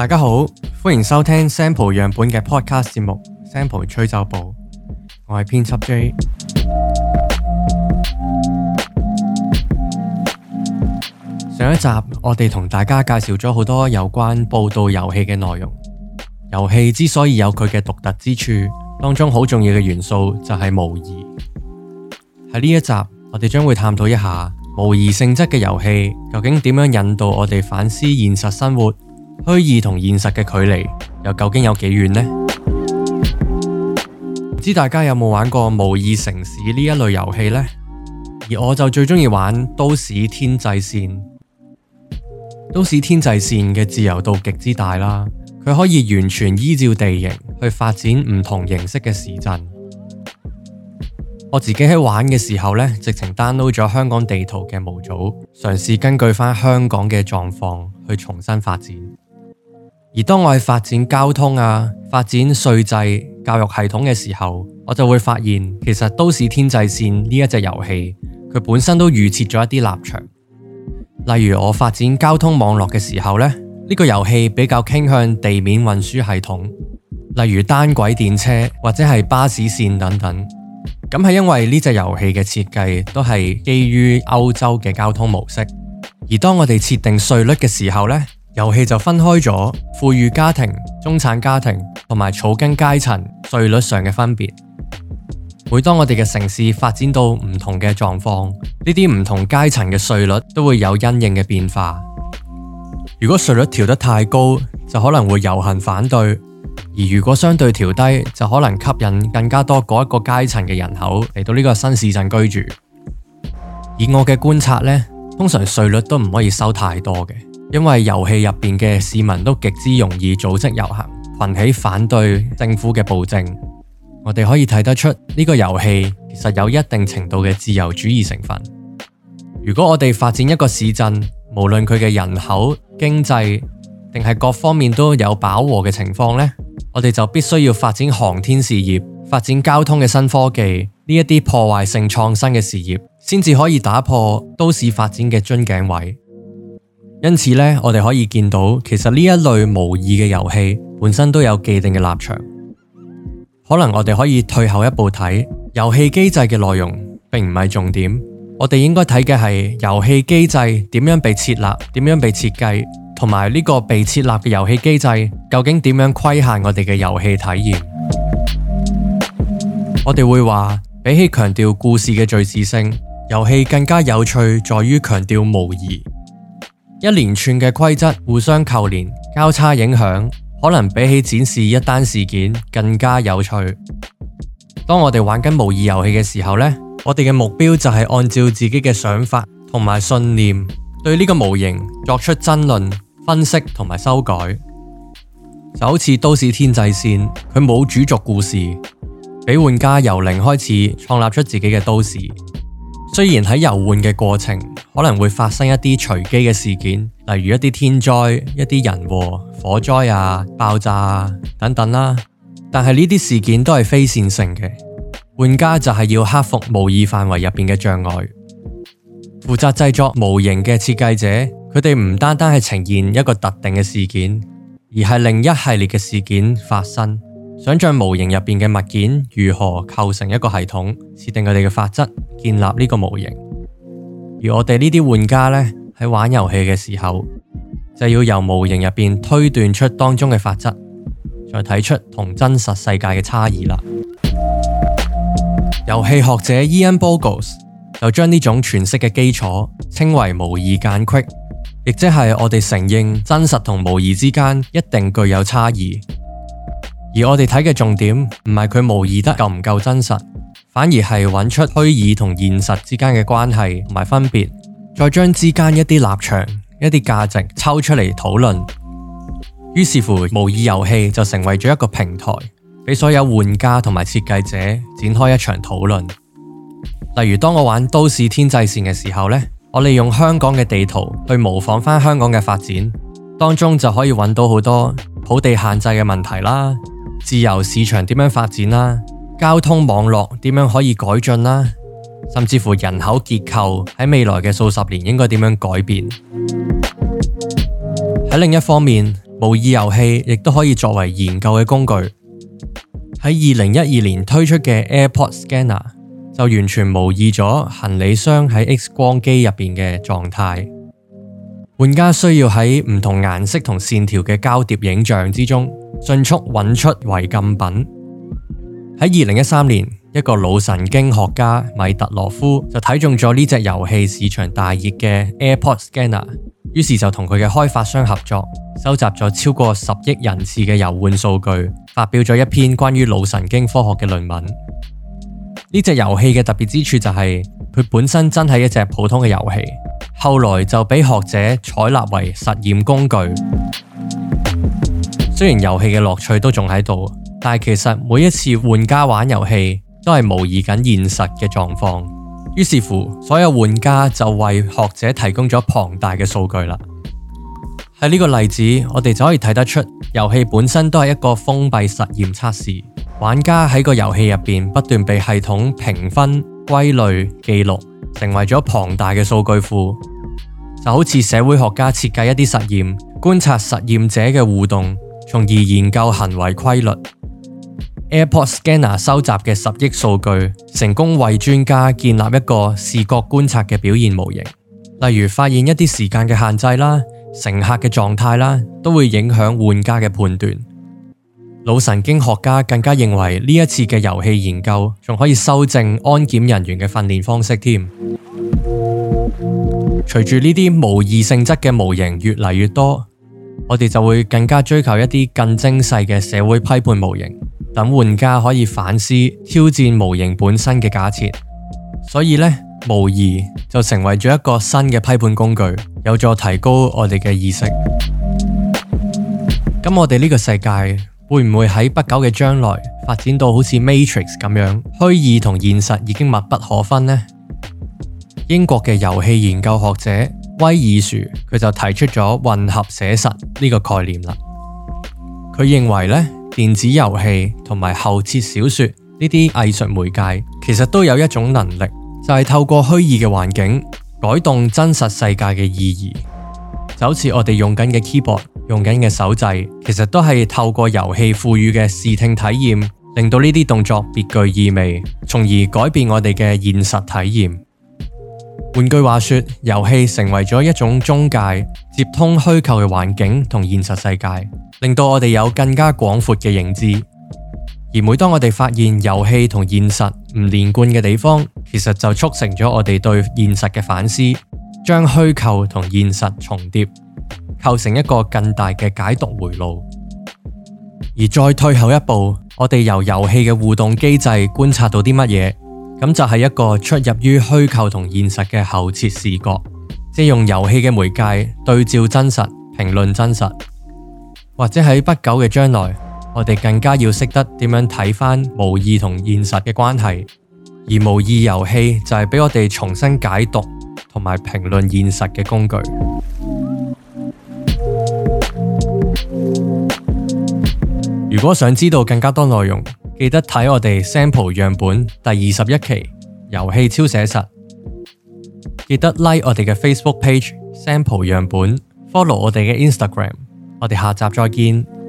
大家好，歡迎收聽 Sample 樣本嘅 podcast 節目《Sample 吹奏部》，我係編輯 J。上一集我哋同大家介紹咗好多有關報道遊戲嘅內容。遊戲之所以有佢嘅獨特之處，當中好重要嘅元素就係模擬。喺呢一集，我哋將會探討一下模擬性質嘅遊戲究竟點樣引導我哋反思現實生活。虛擬同現實嘅距離又究竟有幾遠呢？唔知大家有冇玩過模擬城市呢一類遊戲呢？而我就最中意玩都市天際線。都市天際線嘅自由度極之大啦，佢可以完全依照地形去發展唔同形式嘅市鎮。我自己喺玩嘅時候呢，直情 download 咗香港地圖嘅模組，嘗試根據翻香港嘅狀況去重新發展。而當我去發展交通啊、發展稅制、教育系統嘅時候，我就會發現，其實《都市天際線》呢一隻遊戲，佢本身都預設咗一啲立場。例如我發展交通網絡嘅時候呢，呢、呢個遊戲比較傾向地面運輸系統，例如單軌電車或者係巴士線等等。咁係因為呢隻遊戲嘅設計都係基於歐洲嘅交通模式。而當我哋設定稅率嘅時候呢。遊戲就分開咗富裕家庭、中產家庭同埋草根階層稅率上嘅分別。每當我哋嘅城市發展到唔同嘅狀況，呢啲唔同階層嘅稅率都會有因應嘅變化。如果稅率調得太高，就可能會遊行反對；而如果相對調低，就可能吸引更加多嗰一個階層嘅人口嚟到呢個新市鎮居住。以我嘅觀察呢，通常稅率都唔可以收太多嘅。因為遊戲入邊嘅市民都極之容易組織遊行、群起反對政府嘅暴政，我哋可以睇得出呢、這個遊戲其實有一定程度嘅自由主義成分。如果我哋發展一個市鎮，無論佢嘅人口、經濟定係各方面都有飽和嘅情況呢，我哋就必須要發展航天事業、發展交通嘅新科技呢一啲破壞性創新嘅事業，先至可以打破都市發展嘅樽頸位。因此呢我哋可以見到，其實呢一類模擬嘅遊戲本身都有既定嘅立場。可能我哋可以退後一步睇，遊戲機制嘅內容並唔係重點。我哋應該睇嘅係遊戲機制點樣被設立、點樣被設計，同埋呢個被設立嘅遊戲機制究竟點樣規限我哋嘅遊戲體驗。我哋會話，比起強調故事嘅敘事性，遊戲更加有趣在於強調模擬。一連串嘅規則互相扣連、交叉影響，可能比起展示一單事件更加有趣。當我哋玩緊模擬遊戲嘅時候，我哋嘅目標就係按照自己嘅想法同埋信念，對呢個模型作出爭論、分析同埋修改，就好似都市天際線，佢冇主軸故事，俾玩家由零開始創立出自己嘅都市。雖然喺遊玩嘅過程可能會發生一啲隨機嘅事件，例如一啲天災、一啲人禍、火災啊、爆炸啊等等啦、啊，但係呢啲事件都係非線性嘅。玩家就係要克服模擬範圍入面嘅障礙。負責製作模型嘅設計者，佢哋唔單單係呈現一個特定嘅事件，而係另一系列嘅事件發生。想像模型入邊嘅物件如何構成一個系統，設定佢哋嘅法則，建立呢個模型。而我哋呢啲玩家咧，喺玩遊戲嘅時候，就要由模型入邊推斷出當中嘅法則，再睇出同真實世界嘅差異啦。遊戲學者伊恩 g u s 又將呢種詮釋嘅基礎稱為模擬間隙」，亦即是我哋承認真實同模擬之間一定具有差異。而我哋睇嘅重點唔係佢模擬得夠唔夠真實，反而係揾出虛擬同現實之間嘅關係同埋分別，再將之間一啲立場、一啲價值抽出嚟討論。於是乎，模擬遊戲就成為咗一個平台，俾所有玩家同埋設計者展開一場討論。例如，當我玩《都市天際線》嘅時候呢，我利用香港嘅地圖去模仿翻香港嘅發展，當中就可以揾到好多土地限制嘅問題啦。自由市場點樣發展啦？交通網絡點樣可以改進啦？甚至乎人口結構喺未來嘅數十年應該點樣改變？喺另一方面，模擬遊戲亦都可以作為研究嘅工具。喺二零一二年推出嘅 Airport Scanner 就完全模擬咗行李箱喺 X 光機入面嘅狀態。玩家需要喺唔同顏色同線條嘅交疊影像之中，迅速揾出違禁品。喺二零一三年，一個腦神經學家米特羅夫就睇中咗呢隻遊戲市場大熱嘅 AirPod Scanner，於是就同佢嘅開發商合作，收集咗超過十億人次嘅遊玩數據，發表咗一篇關於腦神經科學嘅論文。呢隻遊戲嘅特別之處就係，佢本身真係一隻普通嘅遊戲。後來就俾學者採納為實驗工具。雖然遊戲嘅樂趣都仲喺度，但其實每一次玩家玩遊戲都係模擬緊現實嘅狀況。於是乎，所有玩家就為學者提供咗龐大嘅數據啦。喺呢個例子，我哋就可以睇得出，遊戲本身都係一個封閉實驗測試。玩家喺個遊戲入面不斷被系統評分、歸類、記錄。成為咗龐大嘅數據庫，就好似社會學家設計一啲實驗，觀察實驗者嘅互動，從而研究行為規律。Airport Scanner 收集嘅十億數據，成功為專家建立一個視覺觀察嘅表現模型，例如發現一啲時間嘅限制啦、乘客嘅狀態啦，都會影響玩家嘅判斷。老神經學家更加認為，呢一次嘅遊戲研究仲可以修正安檢人員嘅訓練方式添。隨住呢啲模擬性質嘅模型越嚟越多，我哋就會更加追求一啲更精細嘅社會批判模型，等玩家可以反思挑戰模型本身嘅假設。所以呢，模擬就成為咗一個新嘅批判工具，有助提高我哋嘅意識。咁我哋呢個世界。會唔會喺不久嘅將來發展到好似《Matrix》咁樣，虛擬同現實已經密不可分呢？英國嘅遊戲研究學者威爾殊佢就提出咗混合寫實呢個概念啦。佢認為咧，電子遊戲同埋後設小說呢啲藝術媒介，其實都有一種能力，就係透過虛擬嘅環境改動真實世界嘅意義，就好似我哋用緊嘅 keyboard。用緊嘅手掣，其實都係透過遊戲賦予嘅視聽體驗，令到呢啲動作別具意味，從而改變我哋嘅現實體驗。換句話說，遊戲成為咗一種中介，接通虛構嘅環境同現實世界，令到我哋有更加廣闊嘅認知。而每當我哋發現遊戲同現實唔連貫嘅地方，其實就促成咗我哋對現實嘅反思，將虛構同現實重疊。構成一個更大嘅解讀回路，而再退後一步，我哋由遊戲嘅互動機制觀察到啲乜嘢，咁就係一個出入於虛構同現實嘅後設視角，即係用遊戲嘅媒介對照真實、評論真實，或者喺不久嘅將來，我哋更加要識得點樣睇返無意同現實嘅關係，而無意遊戲就係俾我哋重新解讀同埋評論現實嘅工具。如果想知道更加多內容，記得睇我哋 sample 樣本第二十一期遊戲超寫實。記得 like 我哋嘅 Facebook page sample 樣本，follow 我哋嘅 Instagram。我哋下集再見。